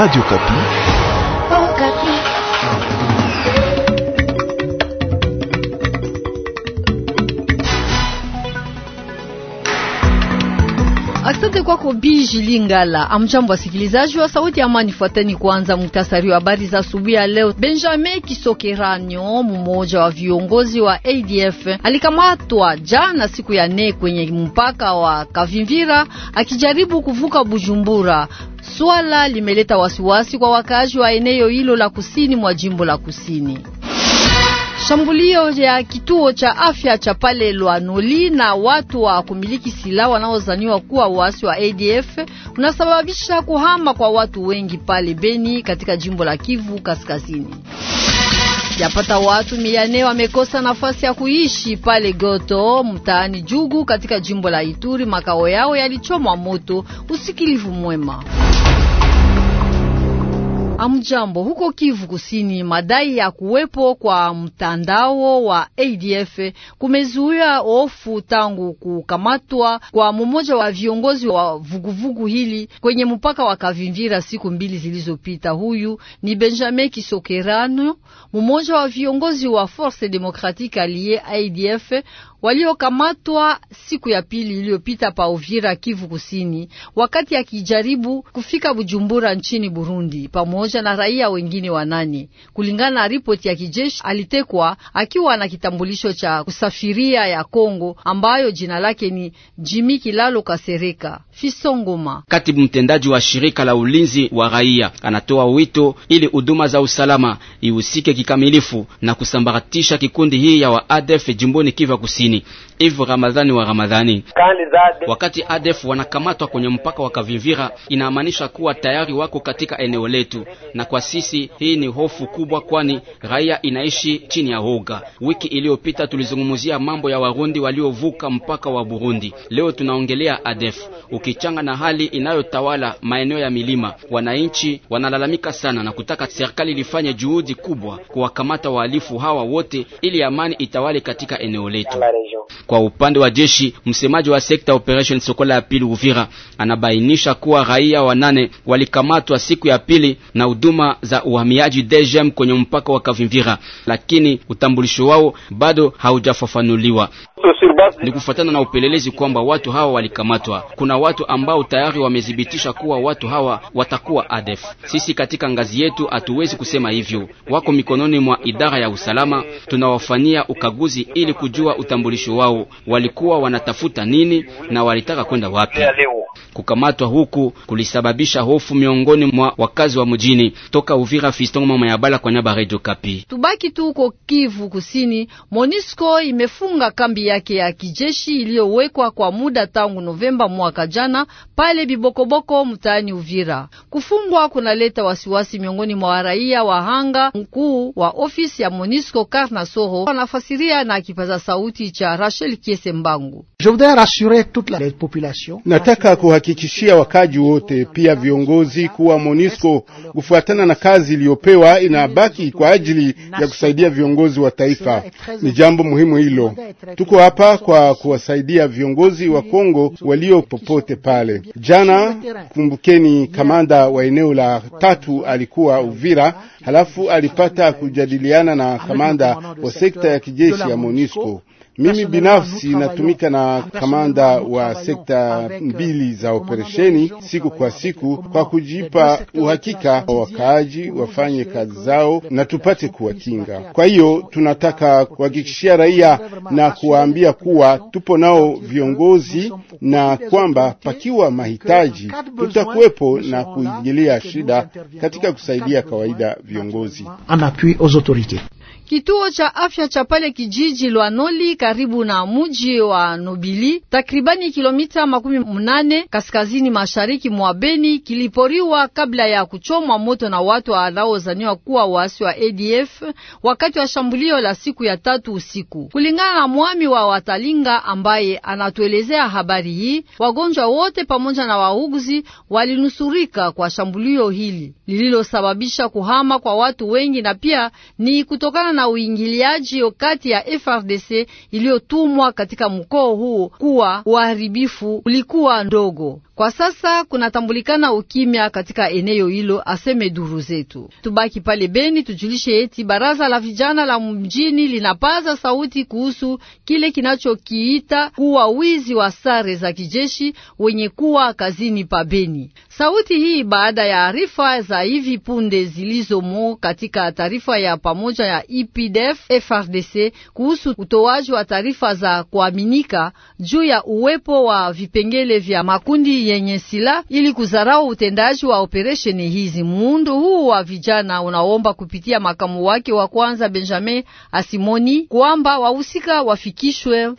Radio Kapi. Asante kwako Biji Lingala. Amjambo wasikilizaji wa Sauti ya Amani, fuateni kwanza muktasari wa habari za asubuhi ya leo. Benjamin Kisokeranyo, mmoja wa viongozi wa ADF, alikamatwa jana siku ya nne kwenye mpaka wa Kavimvira akijaribu kuvuka Bujumbura. Swala limeleta wasiwasi kwa wakaaji wa eneo hilo la kusini mwa jimbo la Kusini. Shambulio ya kituo cha afya cha pale Lwanoli na watu wa kumiliki silaha wanaozaniwa kuwa waasi wa ADF unasababisha kuhama kwa watu wengi pale Beni katika jimbo la Kivu Kaskazini. Yapata watu mia nne wamekosa nafasi ya kuishi pale Goto mtaani Jugu katika jimbo la Ituri. Makao yao yalichomwa moto. Usikilivu mwema. Amjambo, huko Kivu Kusini, madai ya kuwepo kwa mtandao wa ADF kumezuia hofu tangu kukamatwa kwa mmoja wa viongozi wa vuguvugu vugu hili kwenye mpaka wa Kavimvira siku mbili zilizopita. Huyu ni Benjamin Kisokerano, mmoja wa viongozi wa Force Democratique Alliee ADF waliokamatwa siku ya pili iliyopita pa Uvira, Kivu Kusini, wakati akijaribu kufika Bujumbura nchini Burundi pamoja pamoja na raia wengine wanane. Kulingana na ripoti ya kijeshi, alitekwa akiwa na kitambulisho cha kusafiria ya Kongo ambayo jina lake ni Jimi Kilalo Kasereka. Fisongoma, katibu mtendaji wa shirika la ulinzi wa raia, anatoa wito ili huduma za usalama ihusike kikamilifu na kusambaratisha kikundi hii ya wa ADF jimboni Kivu Kusini. Hivyo Ramadhani wa Ramadhani, wakati ADF wanakamatwa kwenye mpaka wa Kavivira, inamaanisha kuwa tayari wako katika eneo letu, na kwa sisi hii ni hofu kubwa, kwani raia inaishi chini ya woga. Wiki iliyopita tulizungumzia mambo ya Warundi waliovuka mpaka wa Burundi, leo tunaongelea ADF. Ukichanga na hali inayotawala maeneo ya milima, wananchi wanalalamika sana na kutaka serikali lifanye juhudi kubwa kuwakamata wahalifu hawa wote, ili amani itawale katika eneo letu. Kwa upande wa jeshi, msemaji wa sekta operation Sokola ya pili Uvira anabainisha kuwa raia wanane walikamatwa siku ya pili na huduma za uhamiaji DGM kwenye mpaka wa Kavimvira, lakini utambulisho wao bado haujafafanuliwa. Ni kufuatana na upelelezi kwamba watu hawa walikamatwa. Kuna watu ambao tayari wamethibitisha kuwa watu hawa watakuwa ADF. Sisi katika ngazi yetu hatuwezi kusema hivyo, wako mikononi mwa idara ya usalama. Tunawafanyia ukaguzi ili kujua utambulisho wao, walikuwa wanatafuta nini na walitaka kwenda wapi. Kukamatwa huku kulisababisha hofu miongoni mwa wakazi wa mjini. Toka Uvira, Fiston Mama ya Bala kwa niaba Radio Kapi. Tubaki tu huko Kivu Kusini, Monisco imefunga kambi yake ya kijeshi iliyowekwa kwa muda tangu Novemba mwaka jana pale Bibokoboko mtaani Uvira. Kufungwa kunaleta wasiwasi miongoni mwa raia wa hanga. Mkuu wa ofisi ya Monisco Karna Soho anafasiria na kipaza sauti cha Rachel Kiese Mbangu. Nataka kuhakikishia wakaji wote pia viongozi kuwa MONUSCO kufuatana na kazi iliyopewa inabaki kwa ajili ya kusaidia viongozi wa taifa. Ni jambo muhimu hilo. Tuko hapa kwa kuwasaidia viongozi wa Kongo walio popote pale. Jana kumbukeni, kamanda wa eneo la tatu alikuwa Uvira, halafu alipata kujadiliana na kamanda wa sekta ya kijeshi ya MONUSCO. Mimi binafsi natumika na kamanda wa sekta mbili za operesheni siku kwa siku kwa kujipa uhakika wa wakaaji wafanye kazi zao na tupate kuwakinga. Kwa hiyo tunataka kuhakikishia raia na kuwaambia kuwa tupo nao viongozi, na kwamba pakiwa mahitaji tutakuwepo na kuingilia shida katika kusaidia kawaida viongozi. Kituo cha afya cha pale kijiji Lwanoli karibu na muji wa Nobili takribani kilomita makumi mnane kaskazini mashariki mwa Beni kiliporiwa kabla ya kuchomwa moto na watu wanaozaniwa kuwa waasi wa ADF wakati wa shambulio la siku ya tatu usiku. Kulingana na mwami wa Watalinga ambaye anatuelezea habari hii, wagonjwa wote pamoja na wauguzi walinusurika kwa shambulio hili lililosababisha kuhama kwa watu wengi na pia ni kutokana na uingiliaji kati ya FRDC iliyotumwa katika mkoa huo kuwa uharibifu ulikuwa ndogo. Kwa sasa kunatambulikana ukimya katika eneo hilo, aseme duru zetu. Tubaki pale Beni, tujulishe eti baraza la vijana la mjini linapaza sauti kuhusu kile kinachokiita kuwa wizi wa sare za kijeshi wenye kuwa kazini pa Beni. Sauti hii baada ya arifa za hivi punde zilizomo katika taarifa ya pamoja ya EPDF FRDC kuhusu utoaji wa taarifa za kuaminika juu ya uwepo wa vipengele vya makundi yenye silaha ili kuzarau utendaji wa operesheni hizi. Muundo huu wa vijana unaomba kupitia makamu wake wa kwanza Benjamin Asimoni kwamba wahusika wafikishwe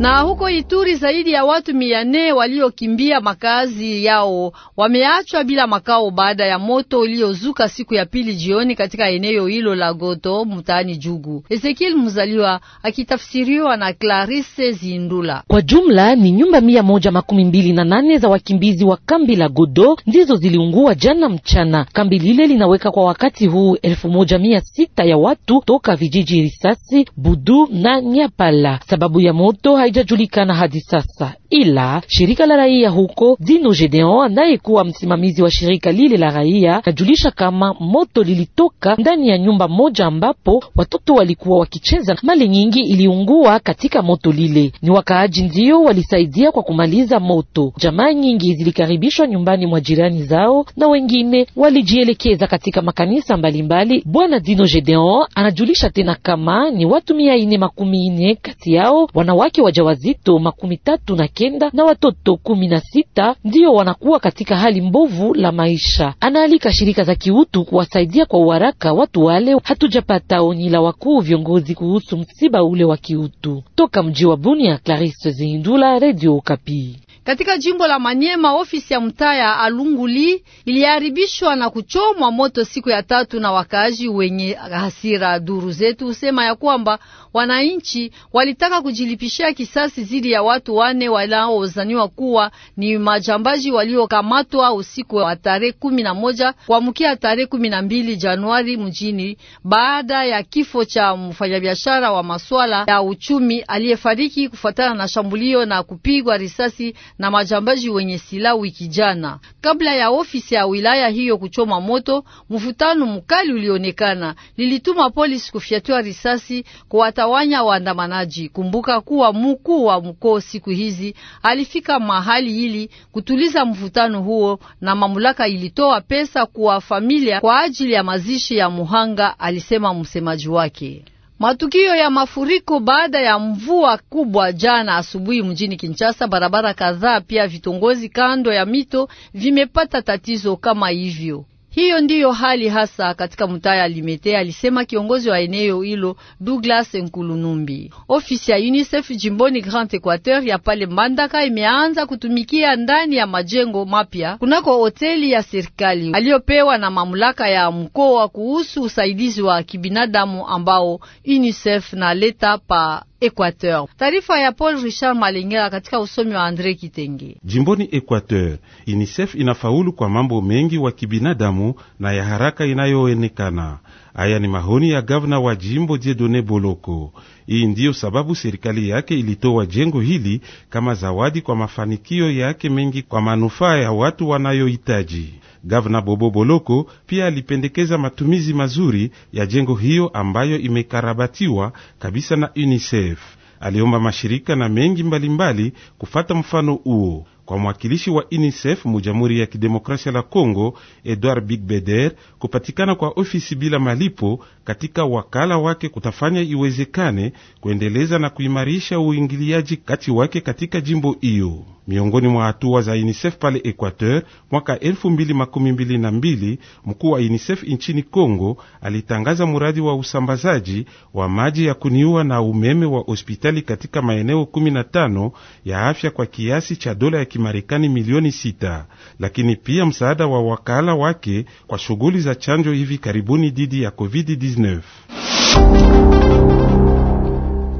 na huko Ituri zaidi ya watu mia nne waliokimbia makazi yao wameachwa bila makao baada ya moto uliozuka siku ya pili jioni katika eneo hilo la Goto mtaani Jugu. Ezekiel Muzaliwa akitafsiriwa na Clarisse Zindula. Kwa jumla ni nyumba mia moja makumi mbili na nane za wakimbizi wa kambi la Godo ndizo ziliungua jana mchana. Kambi lile linaweka kwa wakati huu elfu moja mia sita ya watu toka vijiji Risasi, Budu na Nyapala sababu ya moto haijajulikana hadi sasa, ila shirika la raia huko Dino Gedeon anayekuwa msimamizi wa shirika lile la raia najulisha kama moto lilitoka ndani ya nyumba moja ambapo watoto walikuwa wakicheza. Mali nyingi iliungua katika moto lile. Ni wakaaji ndio walisaidia kwa kumaliza moto. Jamaa nyingi zilikaribishwa nyumbani mwa jirani zao na wengine walijielekeza katika makanisa mbalimbali. Bwana Dino Gedeon anajulisha tena kama ni watu mia ine makumi ine kati yao wanawake wa wajawazito makumi tatu na kenda na watoto kumi na sita ndiyo wanakuwa katika hali mbovu la maisha. Anaalika shirika za kiutu kuwasaidia kwa uharaka watu wale. Hatujapata onyi la wakuu viongozi kuhusu msiba ule wa kiutu. Toka mji wa Bunia, Clarisse Zindula, Radio Kapi. Katika jimbo la manyema ofisi ya mtaa ya Alunguli iliharibishwa na kuchomwa moto siku ya tatu na wakaaji wenye hasira. Duru zetu husema ya kwamba wananchi walitaka kujilipishia kisasi dhidi ya watu wane wanaozaniwa kuwa ni majambaji waliokamatwa usiku wa tarehe kumi na moja kuamkia tarehe kumi na mbili Januari mjini baada ya kifo cha mfanyabiashara wa masuala ya uchumi aliyefariki kufuatana na shambulio na kupigwa risasi na majambazi wenye sila wiki jana, kabla ya ofisi ya wilaya hiyo kuchoma moto. Mvutano mkali ulionekana lilituma polisi kufyatua risasi kuwatawanya waandamanaji. Kumbuka kuwa mkuu wa mkoo siku hizi alifika mahali ili kutuliza mvutano huo, na mamlaka ilitoa pesa kwa familia kwa ajili ya mazishi ya muhanga, alisema msemaji wake. Matukio ya mafuriko baada ya mvua kubwa jana asubuhi mjini Kinshasa. Barabara kadhaa pia vitongozi kando ya mito vimepata tatizo kama hivyo. Hiyo ndiyo hali hasa katika mtaa ya Limete, alisema kiongozi wa eneo hilo Douglas Nkulunumbi. Ofisi ya UNICEF jimboni Grand Equateur ya pale Mbandaka imeanza kutumikia ndani ya majengo mapya kunako hoteli ya serikali aliyopewa na mamlaka ya mkoa kuhusu usaidizi wa kibinadamu ambao UNICEF naleta pa Equateur. Taarifa ya Paul Richard Malengera katika usomi wa Andre Kitenge. Jimboni Equateur, UNICEF inafaulu kwa mambo mengi wa kibinadamu na ya haraka inayoonekana. Haya ni mahoni ya gavana wa jimbo Jedone Boloko. Hii ndiyo sababu serikali yake ilitoa jengo hili kama zawadi kwa mafanikio yake mengi kwa manufaa ya watu wanayohitaji. Gavana Bobo Boloko pia alipendekeza matumizi mazuri ya jengo hiyo ambayo imekarabatiwa kabisa na UNICEF. Aliomba mashirika na mengi mbalimbali mbali kufata mfano huo. Kwa mwakilishi wa UNICEF mu Jamhuri ya Kidemokrasia la congo Edward Bigbeder, kupatikana kwa ofisi bila malipo katika wakala wake kutafanya iwezekane kuendeleza na kuimarisha uingiliaji kati wake katika jimbo hiyo miongoni mwa hatua za UNICEF pale Equateur mwaka 2022, mkuu wa UNICEF nchini Kongo alitangaza mradi wa usambazaji wa maji ya kuniua na umeme wa hospitali katika maeneo 15 ya afya kwa kiasi cha dola ya Kimarekani milioni 6, lakini pia msaada wa wakala wake kwa shughuli za chanjo hivi karibuni dhidi ya COVID-19.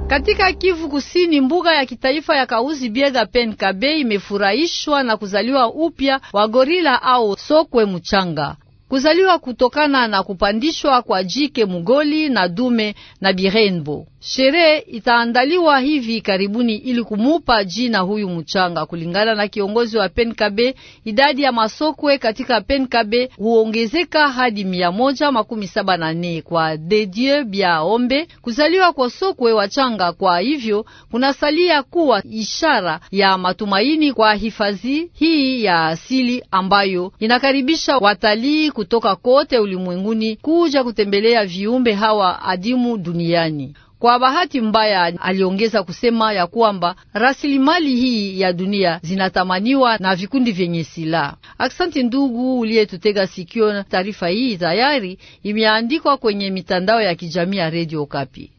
Katika Kivu Kusini, mbuga ya kitaifa ya Kauzi Biega Pen Kabe imefurahishwa na kuzaliwa upya wa gorila au sokwe mchanga. Kuzaliwa kutokana na kupandishwa kwa jike mugoli na dume na birenbo. Sherehe itaandaliwa hivi karibuni ili kumupa jina huyu mchanga. Kulingana na kiongozi wa Penkabe, idadi ya masokwe katika Penkabe huongezeka hadi mia moja makumi saba na nne kwa dedieu Bia Ombe. Kuzaliwa kwa sokwe wachanga, kwa hivyo kunasalia kuwa ishara ya matumaini kwa hifadhi hii ya asili ambayo inakaribisha watalii kutoka kote ulimwenguni kuja kutembelea viumbe hawa adimu duniani. Kwa bahati mbaya, aliongeza kusema ya kwamba rasilimali hii ya dunia zinatamaniwa na vikundi vyenye silaha. Aksanti ndugu uliyetutega sikio. Taarifa hii tayari imeandikwa kwenye mitandao ya kijamii ya Radio Kapi.